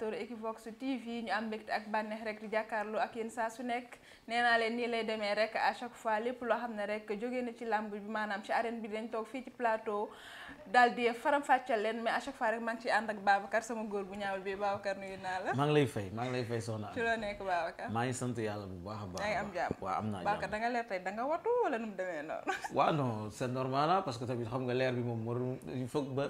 téléspectateur Equivox TV ñu am mbégte ak bànneex rek di jàkkaarloo ak yéen saa su nekk nee naa leen nii lay demee rek à chaque fois lépp loo xam ne rek jóge na ci làmb bi maanaam ci bi dañ toog fii ci plateau daal di faram fàcceel leen mais à chaque bu ñaawul bi Babacar nuyu naa la. maa ngi lay fay maa ngi lay fay soxna. ci loo nekk Babacar. maa ngi sant yàlla bu baax a baax. yaa leer tey da watu wala nu mu demee noonu. waaw non c'est normal ah, parce que tamit xam nga leer bi moom moo il ba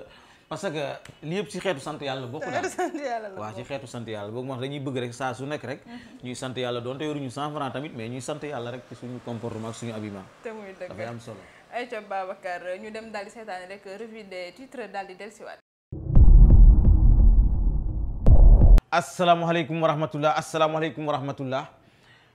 parce que li yëpp ci xeetu sant yàlla bokk daal waa ci xeetu sant yàlla boobu wax dañuy bëgg rek saa su nekk rek mhm. ñuy sant yàlla doonte yoruñu cent francs tamit mais ñuy sant yàlla rek ci suñu comportement ak suñu habillement te muy dëgg dafay am solo ay ayca Babacar ñu dem daal di seetaan rek revue des titres daal di dellusiwaat asalaamaaleykum wa rahmatullah asalaamaaleykum wa rahmatullah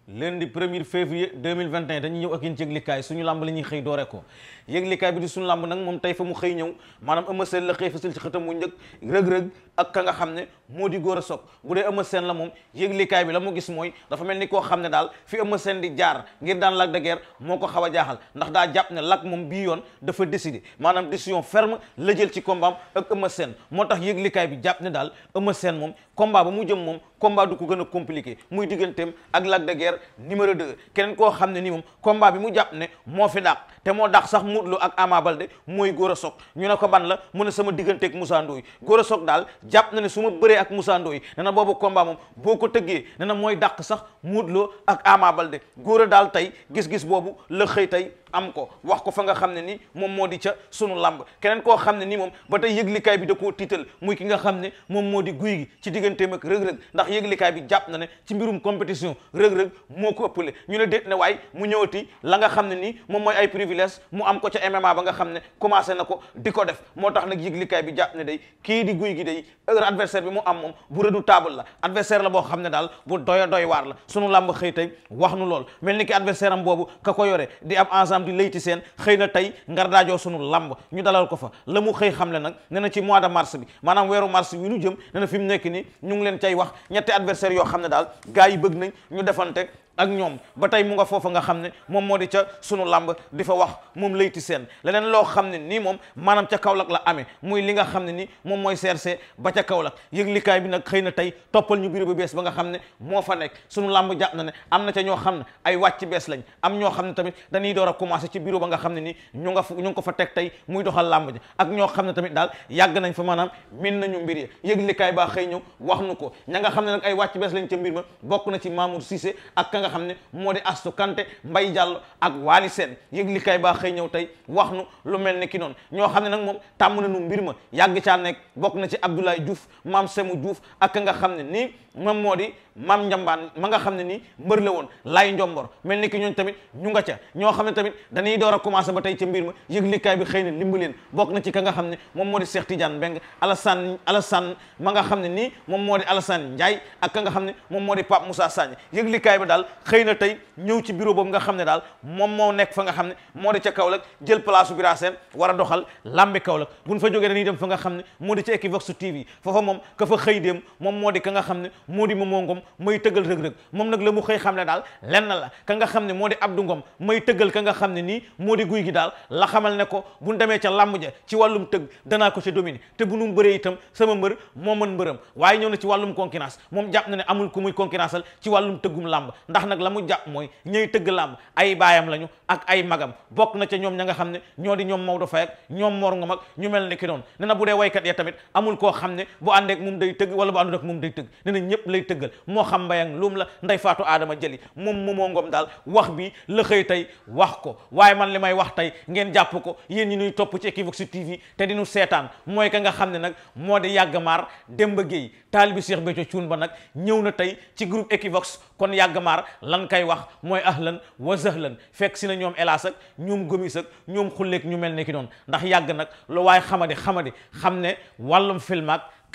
lundi 1er février 2021 dañuy ñëw ak yéen ci yëglikaay suñu làmb la ñuy xëy doore ko yëglikaay bi di suñu làmb nag moom tey fa mu xëy ñëw maanaam Eumeu Sène la xëy fësal ci xëtam mu njëkk rëg-rëg ak ka nga xam ne moo di góor a soog bu dee Eumeu seen la moom yëglikaay bi la mu gis mooy dafa mel ni koo xam ne daal fi Eumeu seen di jaar ngir daan Lac de Guiers moo ko xaw a jaaxal ndax daa jàpp ne lag moom bii yoon dafa décidé maanaam décision ferme la jël ci combat ak Eumeu seen moo tax yëglikaay bi jàpp ne daal Eumeu seen moom combat ba mu jëm moom combat du ko gën a compliqué muy digganteem ak Lac de numéro 2 keneen koo xam ne ni moom bi mu jàpp ne moo fi dàq te moo dàq sax Modou Lo ak Ama Baldé mooy góor a soog ñu ne ko ban la mu ne sama digganteeg Moussa góor a soog daal jàpp na ne su ma bëree ak Moussa Ndoye na boobu combat moom boo ko tëggee ne mooy dàq sax Modou Lo ak Ama Baldé góor daal tey gis-gis boobu la xëy tey am ko wax ko fa nga xam ne ni moom moo di ca sunu làmb keneen koo xam ne ni moom ba tey yëglikaay bi da koo tiital muy ki nga xam ne moom moo di guy gi ci digganteem mag rëg-rëg ndax yëglikaay bi jàpp na ne ci mbirum compétition rëg-rëg moo ko ëppale ñu ne déet ne waay mu ñëwati la nga xam ne nii moom mooy ay privilège mu am ko ca MMA ba nga xam ne commencé na ko di ko def moo tax nag yëglikaay bi jàpp ne day kii di guy gi day heure adversaire bi mu am moom bu redoutable la adversaire la boo xam ne daal bu doy doy waar la sunu làmb xëy tey wax nu lool mel ni ki adversaire am boobu ka ko yore di ab ensemble di layti seen xëy na tey ngar daajoo sunu làmb ñu dalal ko fa la mu xëy xam ne nag ne na ci mois de mars bi maanaam weeru mars wi nu jëm ne na fi mu nekk nii ñu ngi leen cay wax ñetti adversaire yoo xam ne daal gars yi bëgg nañ ñu defante ak ñoom ba tey mu nga foofa nga xam ne moom moo di ca sunu làmb di fa wax moom layti seen leneen loo xam ne nii moom maanaam ca Kaolack la amee muy li nga xam ne ni moom mooy CRC ba ca Kaolack yëglikaay bi nag xëy na tey toppal ñu biir bu bees ba nga xam ne moo fa nekk sunu làmb jàpp na ne am na ca ñoo xam ne ay wàcc bees lañ am ñoo xam ne tamit dañuy door a commencé ci bureau ba nga xam ne nii ñu nga ñu ngi ko fa teg tey muy doxal làmb ja ak ñoo xam ne tamit daal yàgg nañ fa maanaam min nañu mbir ya yëglikaay baa xëy ñëw wax nu ko ña nga xam ne nag ay wàcc bees lañ ca mbir ma bokk na ci Mamour Cissé nga xam ne moo di Astou Kanté Mbaye jàll ak Waly Sène yëgli kay baa xëy ñëw tey wax nu lu mel ne ki noonu ñoo xam ne nag moom tàmm nañu mbir ma yàgg caa nekk bokk na ci Abdoulaye Diouf Mame Semou Diouf ak nga xam ne nii moom moo di maam njambaan ma nga xam ne nii mbër la woon laay njombor mel ni ki ñooñ tamit ñu nga ca ñoo xam ne tamit dañuy door a commencé ba tey ca mbir ma yëglikaay bi xëy na limba leen bokk na ci ka nga xam ne moom moo di Cheikh Tidiane Mbeng Alassane Alassane ma nga xam ne nii moom moo di Alassane Ndiaye ak ka nga xam ne moom moo di Pape Moussa Sagna yëglikaay bi daal xëy na tey ñëw ci bureau boobu nga xam ne daal moom moo nekk fa nga xam ne moo di ca Kaolack jël place bi raaseen war a doxal lambi Kaolack buñ fa jógee dañuy dem fa nga xam ne moo di ca Equivox TV foofa moom ka fa xëy dem moom moo di ka nga xam ne moo di Momo Ngom mooy tëggal rëg-rëg moom nag la mu xëy xam ne daal lenn la ka nga xam ne moo di Abdou Ngom mooy tëggal ka nga xam ne nii moo di guy gi daal la xamal ne ko bu ñu demee ca làmb ja ci wàllum tëgg danaa ko ca dominer te bu nu bëree itam sama mbër moo mën mbëram waaye ñëw na ci wàllum concurrence moom jàpp na ne amul ku muy concurrenceal ci wàllum tëggum làmb ndax nag la mu jàpp mooy ñëy tëgg làmb ay baayam lañu ak ay magam bokk na ca ñoom ña nga xam ne ñoo di ñoom Maodo Faye ak Mor Ngom ak ñu mel ni ki doon ne na bu dee waykat ya tamit amul koo xam ne bu àndeek moom day tëgg wala bu àndul ak moom day tëgg ne na ñëpp lay tëggal moo xam mbayang lum la nday faatu aadama jëli moom moomoo ngoom daal wax bi la xëy tey wax ko waaye man li may wax tey ngeen jàpp ko yéen ñi ñuy topp ci Equivox TV te di seetaan mooy ka nga xam ne nag moo di yàgg maar Demba Gueye taalibi Cheikh Béthio Thioune ba nag ñëw na tey ci groupe Equivox kon yàgg maar lan kay wax mooy ahlan wa sahlan fekk si na ñoom elaas ak ñoom gomis ak ñoom xulleeg ñu mel ne ki noonu ndax yàgg nag lu waaye xamadi xamadi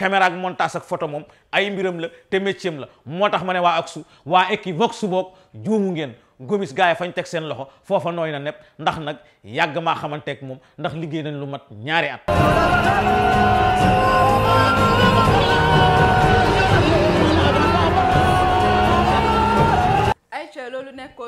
caméra ak montage ak photo moom ay mbiram la te métier la moo tax ma ne waa Aksu waa Equivox boog juumu ngeen gomis gars yi fañ teg seen loxo foofa nooy na nepp ndax nag yàgg maa xamanteeg moom ndax liggéey nañ lu mat ñaari at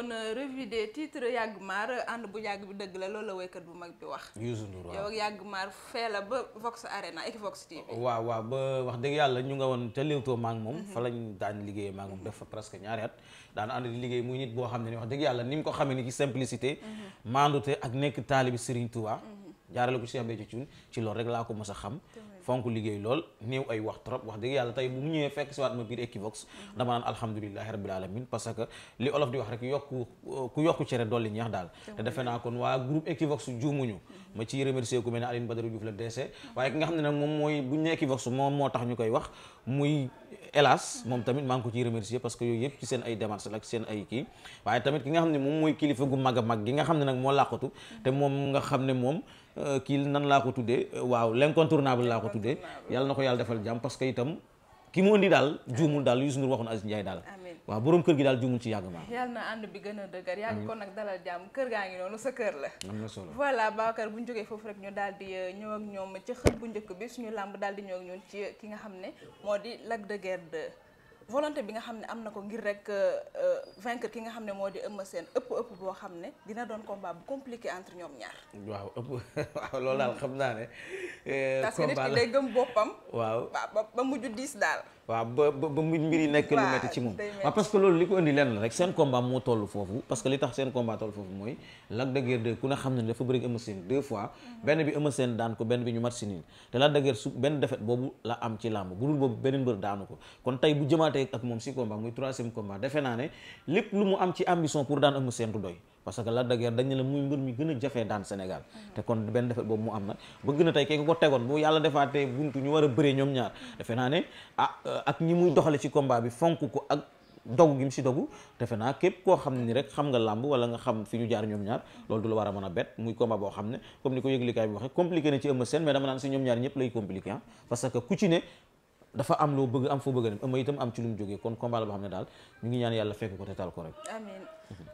woon euh, revue des titres yàgg maar ànd bu yàgg bi dëgg la loolu la woykat bu mag bi wax. Youssou Ndour waaw yow yàgg maar fee ba Vox Arena ak Vox TV. waaw waaw ba wax dëgg yàlla ñu nga woon ca Leewtoo maa ngi moom. Mhm. fa lañ daan liggéeyee maa ngi moom def fa presque ñaari at daan ànd di liggéey muy nit boo xam ne wax dëgg yàlla ni ko xamee ni ci simplicité. Mhm. maandute ak nekk taalibi Serigne Touba. Mhm. jaarale ko Cheikh Béthio Thioune ci loolu rek laa ko mës a xam fonk liggéey lool néew ay wax trop wax dëgg yàlla tey bu mu ñëwee fekk si waat ma biir Equivox mhm. dama naan alhamdulilahi rabbil alamin parce que li olof di wax rek yokku ku yokku cere dolli ñeex daal te defe naa kon waa groupe Equivox ñu mhm. ma ciy remercier ku mel ne Aline Badara Diouf la DC mhm. waaye ki nga xam ne nag moom mooy bu ñu ne Equivox moom moo tax ñu koy wax muy hélas moom tamit maa ko ciy remercier parce que yooyu yëpp ci seen ay démarches la ak seen ay kii waaye tamit ki nga xam ne moom mooy kilifa gu mag a mag gi nga xam ne nag moo làqatu te moom nga xam ne moom euh, kii nan laa ko tuddee waaw l'incontournable laa ko tuddee yàlla na ko yàlla defal jàmm parce que itam ki mu indi daal juumul daal Youssou Ndour waxoon Aziz daal waa boroom kër gi daal jumul ci yàgg maa yal na ànd bi gën a dëgër yàgg kon nag dalal jàmm kër gaa ngi noonu sa kër la am na solo voilà Babacar bu ñu jógee foofu rek ñu daal di euh, ñëw ak ñoom ci bu njëkk bi suñu làmb daal di ñëw ci euh, ki nga xam ne moo di lag de Guiers volonté bi nga xam ne am na ko ngir rek euh, vaincre ki nga xam ne moo di Eumeu seen ëpp ëpp boo xam ne dina doon combat bu compliqué entre ñoom ñaar. waaw ëpp loolu daal xam naa ne. combat la parce day gëm boppam. waaw ba ba mujj diis daal. waaw ba ba mbir yi nekk lu métti ci moom waaw parce loolu li ko indi lenn la rek seen combat moo toll foofu parce que li tax seen combat toll foofu mooy Lac de Guiers 2 ku ne xam ne dafa bëri Eumeu Sène deux fois mm-hmm. benn bi ñu mat si niin te Lac boobu la am ci làmb bu dul boobu beneen mbër daanu ko kon tey bu jëmaatee ak moom si combat muy troisième combat defe naa ne lépp lu mu am ci ambition pour daan Eumeu Sène du parce que Lac de Guiers dañ ne la muy mbër mi gën a jafee daan Sénégal te kon benn defet boobu mu am nag bëgg na tey kay ko tegoon bu yàlla defaatee buntu ñu war a bëre ñoom ñaar defe naa ne ah euh, ak ci combat bi fonk ko ak dogu si dogu defe naa képp koo xam ne ni rek xam nga làmb wala xam fi ñu jaar ñoom ñaar loolu du la war a mën a bet muy combat boo xam ne comme ni ko yëglikaay bi waxee compliqué na ci Eumeu Sène mais dama naan si ñoom ñaar ñëpp lay compliqué ah. parce que ku ci ne dafa am loo bëgg am foo bëgg a dem Eumeu itam am ci lu mu jógee kon combat boo xam ne daal ñu ngi ñaan yàlla fekk ko te tal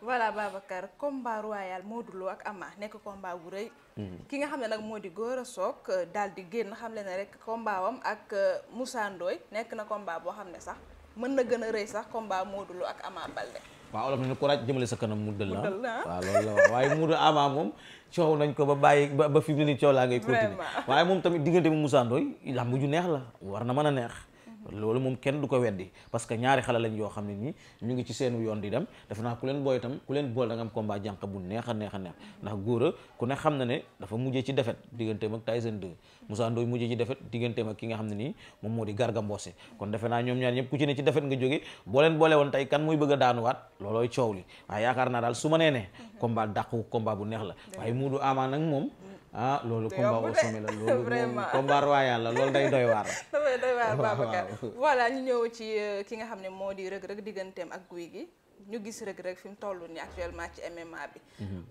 voilà Babacar combat royal Modou Lo ak Ama nekk combat bu rëy. Mhm. ki nga xam ne nag moo di a Sock euh, daal di génn xam le ne rek combat ak euh, Moussa Ndoye nekk na combat boo xam ne sax mën na gën a rëy sax combat Modou Lo ak Ama Balde. waaw olof na ne ko raaj jëmale sa kanam mu dëll la waaw loolu la wax waaye Modou Ama moom coow nañ ko ba bàyyi ba fi mu ne nii coow laa ngay continuer moom tamit diggante mu Moussa Ndoye ju neex la war na mën a neex loolu moom kenn du ko weddi parce que ñaari xale lañ yoo xam ne nii ñu ngi ci seenu yoon di dem def naa ku leen booy itam am combat jànq bu neex a neex a neex ndax góora ku ne xam na ne dafa mujjee ci defet digganteem ak Tyson 2 Moussa Ndoye mujjee ci defet digganteem ak ki nga ne nii moom moo di Garga Mbossé kon defe naa ñoom ñaar ñëpp ku ci ne ci defet nga jóge boo leen boole woon tey kan muy bëgg a daanuwaat loolooy coow li waaye yaakaar naa daal su ma nee ne combat dàqu combat bu neex la waaye Modou Ama nag moom ah loolu combat au la loolu vraiment combat royal la day doy waar dafay ñu ñëw ci euh, ki nga xam ne moo di Reug Reug digganteem ak Gouye gi ñu gis Reug Reug fi mu toll nii actuellement ci MMA bi mhm.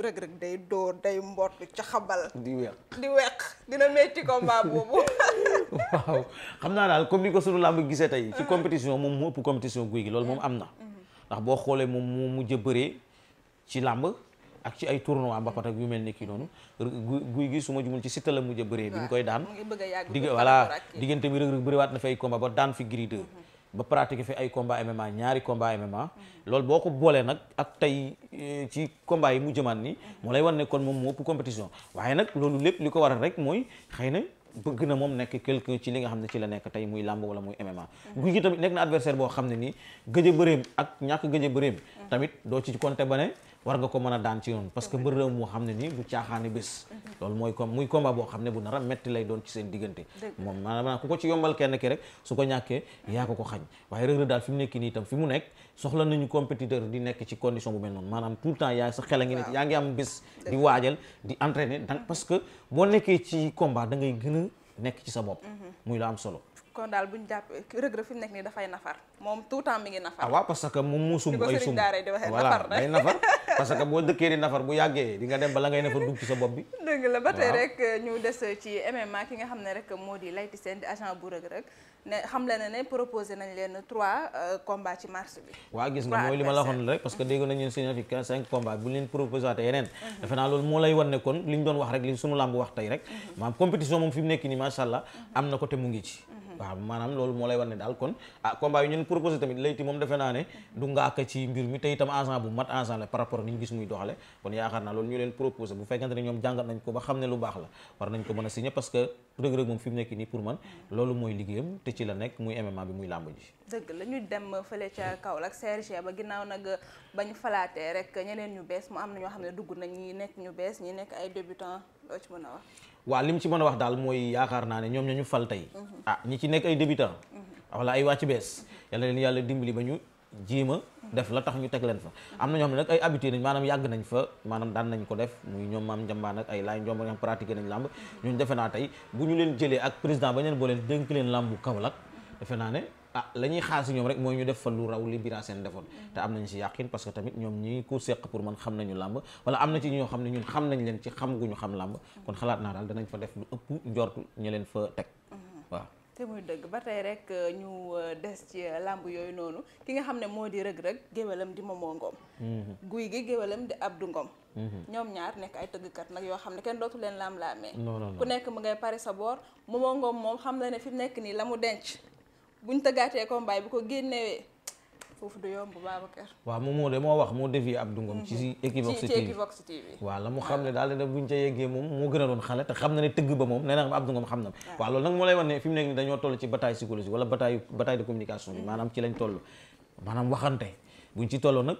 Reug Reug day dóor day mbott ca xabal di weq di weq dina metti combat boobu waaw xam naa daal comme ni ko sunu làmb gisee tey ci mm-hmm. compétition moom mu ëpp compétition Gouye Gui loolu moom am na mm-hmm. ndax boo xoolee moom mu mujj bëree ci làmb ak ci ay tournoi mbapat ak yu mel ni kii noonu guy gi su ma jumul ci Siteu la mujj bëree bi ñu koy daan digg voilà diggante bi rëg-rëg bëriwaat na fi ay combat ba daan fi Gris 2 mm-hmm. ba pratiqué fi ay combat MMA ñaari combat MMA loolu boo ko boolee nag ak tey e, ci combat yi mu jëmaat ni moo lay wan ne kon moom mu ëpp compétition waaye nag loolu lépp li ko waral rek mooy xëy na bëgg na moom nekk quelqu'un ci li nga xam ne ci la nekk tey muy làmb wala muy MMA mm-hmm. guy gi tamit boo xam ne nii gëj a bëreem ak ñàkk gëj a bëreem mm-hmm. doo ci compté ba war nga ko mën a daan ci yoon parce que mbër réew moo xam ne ni bu caaxaane bés loolu mooy comme muy combat boo xam ne bu nar a metti lay doon ci seen diggante moom maanaam ku ko ci yombal kenn ki rek su ko ñàkkee yaa ko ko xañ waaye Reug Reug daal fi mu nekk nii itam fi mu nekk soxla nañu compétiteur di nekk ci condition bu mel noonu maanaam tout le temps yaa sa xel a ngi ne yaa ngi am bés di waajal di entraîner parce que boo nekkee ci combat da ngay gën a nekk ci sa bopp mm-hmm. muy la solo kon daal bu ñu jàppee Reug Reug fi mu nekk nii dafay nafar moom tout temps mi ngi nafar. ah parce que moom mu sum ay sum boo dëkkee di nafar bu yàggee nga dem bala ngay nafar euh, ki nga xam ne rek moo di Layti Sène di bu Reug Reug ne xam leen ne proposé nañ leen trois euh, combats ci mars mhm. ne kon li ñu doon wax rek li sunu làmb wax tey rek. Mhm. maanaam compétition moom fi mu nekk nii macha allah mhm. am na ko te mu ngi ci waaw maanaam loolu moo lay war ne daal kon ah combat yi ñun proposé tamit layti moom defe naa ne du ngaaka ci mbir mi te itam agent bu mat agent la par rapport ni ñu gis muy doxale kon yaakaar naa loolu ñu leen proposé bu fekkante ne ñoom jàngat nañ ko ba xam ne lu baax la war nañ ko mën a signé parce que rëg-rëg moom fi mu nekk nii pour man loolu mooy liggéeyam te ci la nekk muy MMA bi muy làmb ji dëgg la dem fële ca Kaolack CRG ba ginnaaw rek ñeneen ñu bees mu am na ñoo xam ne dugg nañ ñi nekk ñu bees ñi nekk ay a waa li mu ci mën a wax daal mooy yaakaar naa ne ñoom ñoo ñu fal tey ah ñi ci nekk ay débutant ah, wala ay wàcc bees yàlla leen yàlla dimbali ba ñu jéema def la tax ñu teg leen fa am na ñoo xam ne nag ay habitué nañ maanaam yàgg nañ fa maanaam daan nañ ko def muy ñoom maam njambaan ak ay laay njomb nga xam pratiqué nañ làmb ñooñu defe naa tey bu ñu leen jëlee ak président ba leen boo leen dénk leen làmbu Kaolack defe naa ne ah la ñuy xaar ñoom rek mooy ñu def fa lu raw li Bira Sène defoon mm-hmm. te am nañ si yàqin parce que tamit ñoom ñi ko seq pour man xam nañu làmb wala am na ci ñoo xam ne ñun xam nañ ñu xam làmb mm-hmm. kon teg mm-hmm. waaw te muy dëgg ba tey rek euh, ñu euh, des ci euh, làmb yooyu noonu ki nga xam ne moo di rëg-rëg géwalam di Momo ngoom guy gi géwalam di Abdou Ngom ñoom ñaar nekk ay tëgg kat nag yoo xam ne kenn dootu leen laam-laamee ku nekk mu ngay pare sa boor Momo Ngom moom xam na ne fi mu nekk nii la mu denc buñ tëggaatee combat bi ko génnewee foofu du yomb Babacar. waaw moom moo de moo wax moo défier Abdou Ngom. ci mhm. Equivox TV ci Equivox TV. waaw la mu xam ne daal de buñ ca yeggee moom moo gën a doon xale te xam na ne tëgg ba moom nee na Abdou Ngom xam na. waaw loolu nag moo lay wan ne fi mu nekk nii dañoo toll ci bataille psychologique wala bataille bataille de communication bi mhm. maanaam ci lañ toll maanaam waxante buñ ci tolloo nag.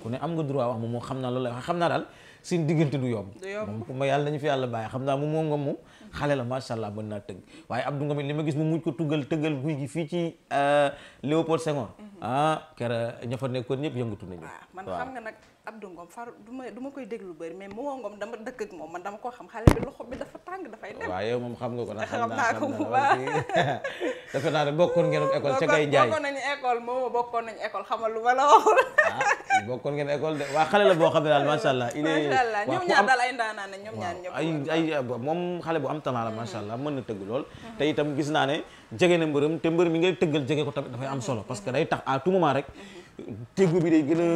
ku ne am nga droit wax moom moom xam naa la lay xam naa daal seen diggante du yomb moom ma yàlla nañu fi yàlla bàyyi xam naa moom moom nga moom xale la macha allah mën naa tëgg waaye Abdou Ngom li ma gis mu mujj ko tuggal tëggal guy fii ci euh, Léopold Senghor mm-hmm. ah kera ña fa nekkoon ñëpp yëngatu nañu waaw Abdou Ngom far du ma du ma koy déglu bëri mais Momo Ngom dama dëkk ak moom man dama ko xam xale bi loxo bi dafa tàng dafay dem. moom xam nga ko nag xam naa ne bokkoon ngeen école ca Gaye bokkoon nañu école Momo bokkoon nañu école xamal lu ma la waxul. ah waa xale boo xam ne daal macha allah. il est macha allah ñoom ñaar ay ndaanaan ñoom ñaar ñëpp. ay ay moom xale bu am mën na tëgg lool. Mhm. te itam gis naa ne jege na mbërëm te mbër mi ngay tëggal jege ko tamit dafay am solo parce que day tax à tout rek mhm. tegu bi day gën a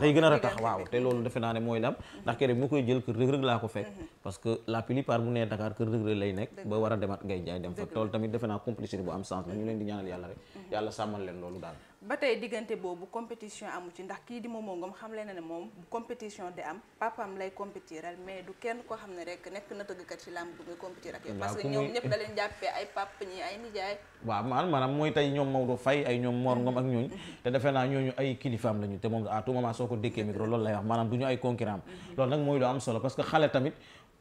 day gën a ratax waaw te loolu defe naa ne mooy lam ndax kere bi mu koy jël kër rëg-rëg laa ko fekk mhm. parce que la plupart bu nee Dakar kër rëg-rëg lay nekk ba war a demaat ngay jaay dem fa loolu tamit defe naa complicité bu am sens la leen di ñaanal yàlla rek mhm. yàlla sàmmal leen loolu daal ba tey diggante boobu compétition amu ci ndax kii di Momo Ngom xamle na ne moom bu compétition di am papaam lay compétiral mais du kenn ko xam ne rek nekk na tëggkat ci làmb bu muy compétir ak yow parce que ñoom ñëpp da leen jàppee ay papa ñi ay nijaay waaw maanaam mooy tey ñoom Maodo Faye ay ñoom Mor Ngom ak ñooñu mm-hmm. te defe naa ñooñu ay kilifaam lañu te moom à tout soo ko dékkee micro loolu lay wax maanaam du ñu ay concurrent mm-hmm. loolu nag mooy am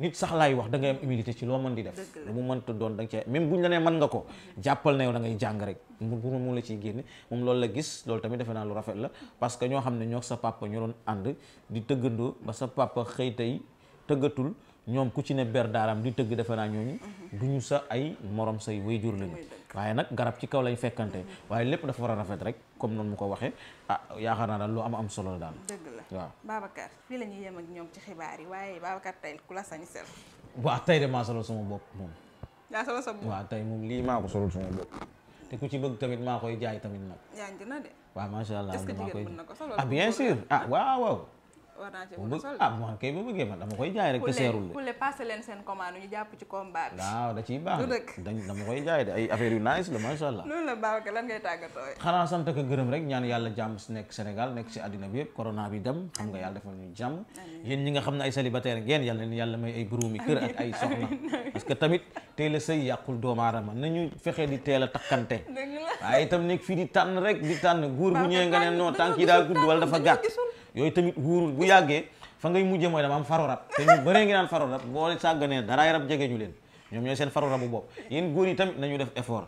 nit sax laay wax da ngay am humilité ci loo mën di def lu mu mënta doon da nga cee même buñ la nee mën nga ko jàppal na yow da ngay jàng rek pour mu la ciy génne moom loolu la gis loolu tamit defe naa lu rafet la parce que ñoo xam ne ñoo sa papa ñu doon ànd di tëggandoo ba sa papa xëy tey tëggatul ñoom ku ci ne ber daaraam di tëgg defe naa ñooñu du ñu sa ay morom say waaye nag garab ci kaw lañ fekkante mm-hmm. waaye lépp dafa war a rafet rek comme noonu mu ko waxee ah yaakaar naa daal lu am am solo la daal dëgg la waaw Babacar fii la ñuy yem ak ñoom ci xibaar yi waaye Babacar tey ku la sañsel waaw tey de maa solo sama bopp moom yaa sa bopp waaw tey lii maa ko solo sama bokk te ku ci bëgg tamit maa koy jaay tamit nag yaa ngi na de waaw macha allah est ko solo ah bien sûr ah waaw war naa cee mën a kay bu bëggee man dama koy jaay rek. te seerul waaw da ciy baax dañ la macha allah. loolu la baax lan ngay tàggatoo. xanaa sant ak gërëm rek ñaan yàlla jàmm nekk Sénégal nekk si àddina bi yëpp corona bi dem xam nga yàlla defal ñu jàmm. yéen ñi nga xam ne ay célibataire ngeen yàlla leen yàlla may ay buroomi kër ak ay soxna parce que tamit teel a sëy yàqul doomu aadama nañu fexe di teel a takkante waaye itam nekk fii di tànn rek di tànn góor bu ñëwee nga ne non tànk daa yooyu tamit wóorul bu yàggee fa ngay mujjee mooy dama am faro rab te ñu bëree ngi naan faro rab boo sàgganee daraay rab jege ñu leen ñoom ñooy seen faro rabu bopp yéen góor yi tamit nañu def effort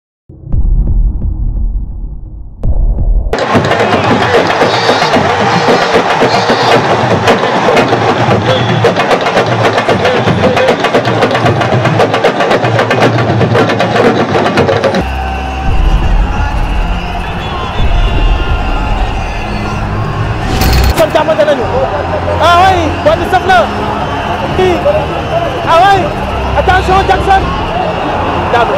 Boy bi saf na kii ah waay attention Jackson Dado